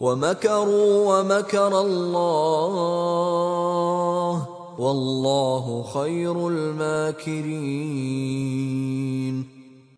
ومكروا ومكر الله والله خير الماكرين